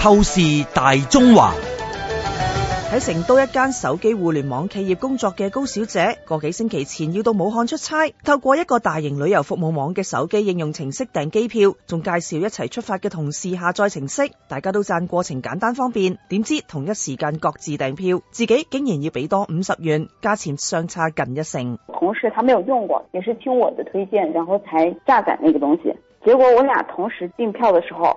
透視大中華。喺成都一間手機互聯網企業工作嘅高小姐，個幾星期前要到武漢出差，透過一個大型旅遊服務網嘅手機應用程式訂機票，仲介紹一齊出發嘅同事下載程式，大家都讚過程簡單方便。點知同一時間各自訂票，自己竟然要俾多五十元，價錢相差近一成。同事他沒有用過，也是聽我的推薦，然後才下載那個東西。結果我倆同時訂票的時候，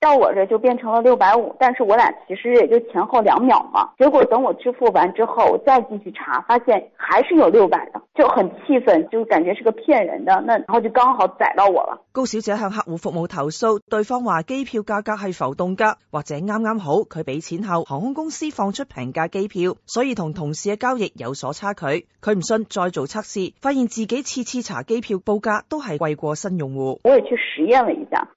到我這就變成了六百五，但是我倆其實也就前後兩秒嘛。結果等我支付完之後，我再進去查，發現還是有六百的，就很氣憤，就感覺是個騙人的。那然後就剛好宰到我了。高小姐向客戶服務投訴，對方話機票價格係浮動價，或者啱啱好，佢俾錢後，航空公司放出平價機票，所以同同事嘅交易有所差距。佢唔信，再做測試，發現自己次次查機票報價都係貴過新用戶。我也去實驗了一下。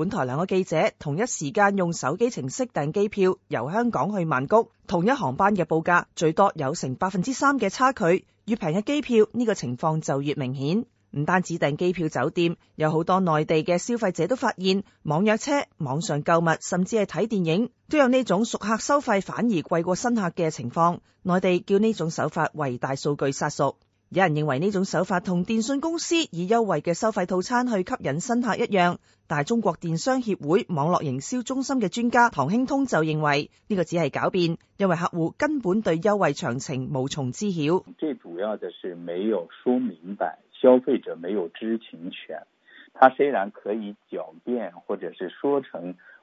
本台兩個記者同一時間用手機程式訂機票，由香港去曼谷，同一航班嘅報價最多有成百分之三嘅差距，越平嘅機票呢個情況就越明顯。唔單止訂機票、酒店，有好多內地嘅消費者都發現，網約車、網上購物甚至係睇電影都有呢種熟客收費反而貴過新客嘅情況。內地叫呢種手法為大數據殺熟。有人認為呢種手法同電信公司以優惠嘅收費套餐去吸引新客一樣，但係中國電商協會網絡營銷中心嘅專家唐興通就認為呢個只係狡辯，因為客戶根本對優惠詳情無從知曉。最主要嘅是沒有說明白，消費者沒有知情權。他雖然可以狡辯，或者是說成。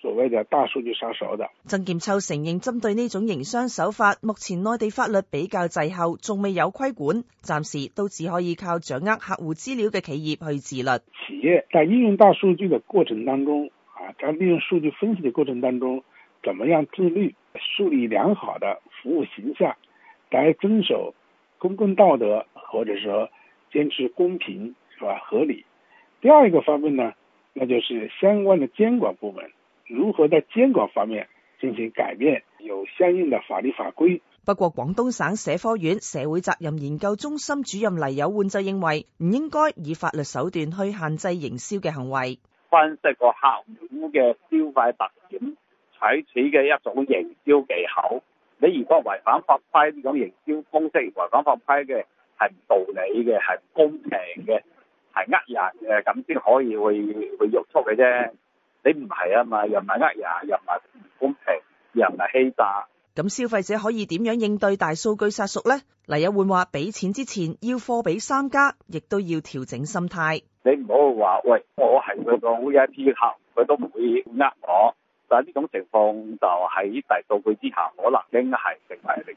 所謂的大數據殺熟的，曾劍秋承認，針對呢種營商手法，目前內地法律比較滯後，仲未有規管，暫時都只可以靠掌握客戶資料嘅企業去自律。企業在應用大數據嘅過程當中，啊，在利用數據分析嘅過程當中，怎麼樣自律，樹立良好的服務形象，該遵守公共道德，或者說堅持公平，是吧？合理。第二一個方面呢，那就是相關的監管部門。如何在監管方面進行改變，有相應的法律法規。不過，廣東省社科院社會責任研究中心主任黎友煥就認為，唔應該以法律手段去限制營銷嘅行為。分析個客戶嘅消費特點，採取嘅一種營銷技巧。你如果違反法規呢種營銷方式，違反法規嘅係唔道理嘅，係唔公平嘅，係呃人嘅，咁先可以去去約束嘅啫。你唔係啊嘛，又唔係呃人，又唔係唔公平，又唔係欺詐。咁消費者可以點樣應對大數據殺熟咧？黎友煥話，俾錢之前要貨比三家，亦都要調整心態。你唔好話，喂，我係佢個 VIP 客，佢都唔會呃我。但係呢種情況就喺大數據之下，可能應該係成為。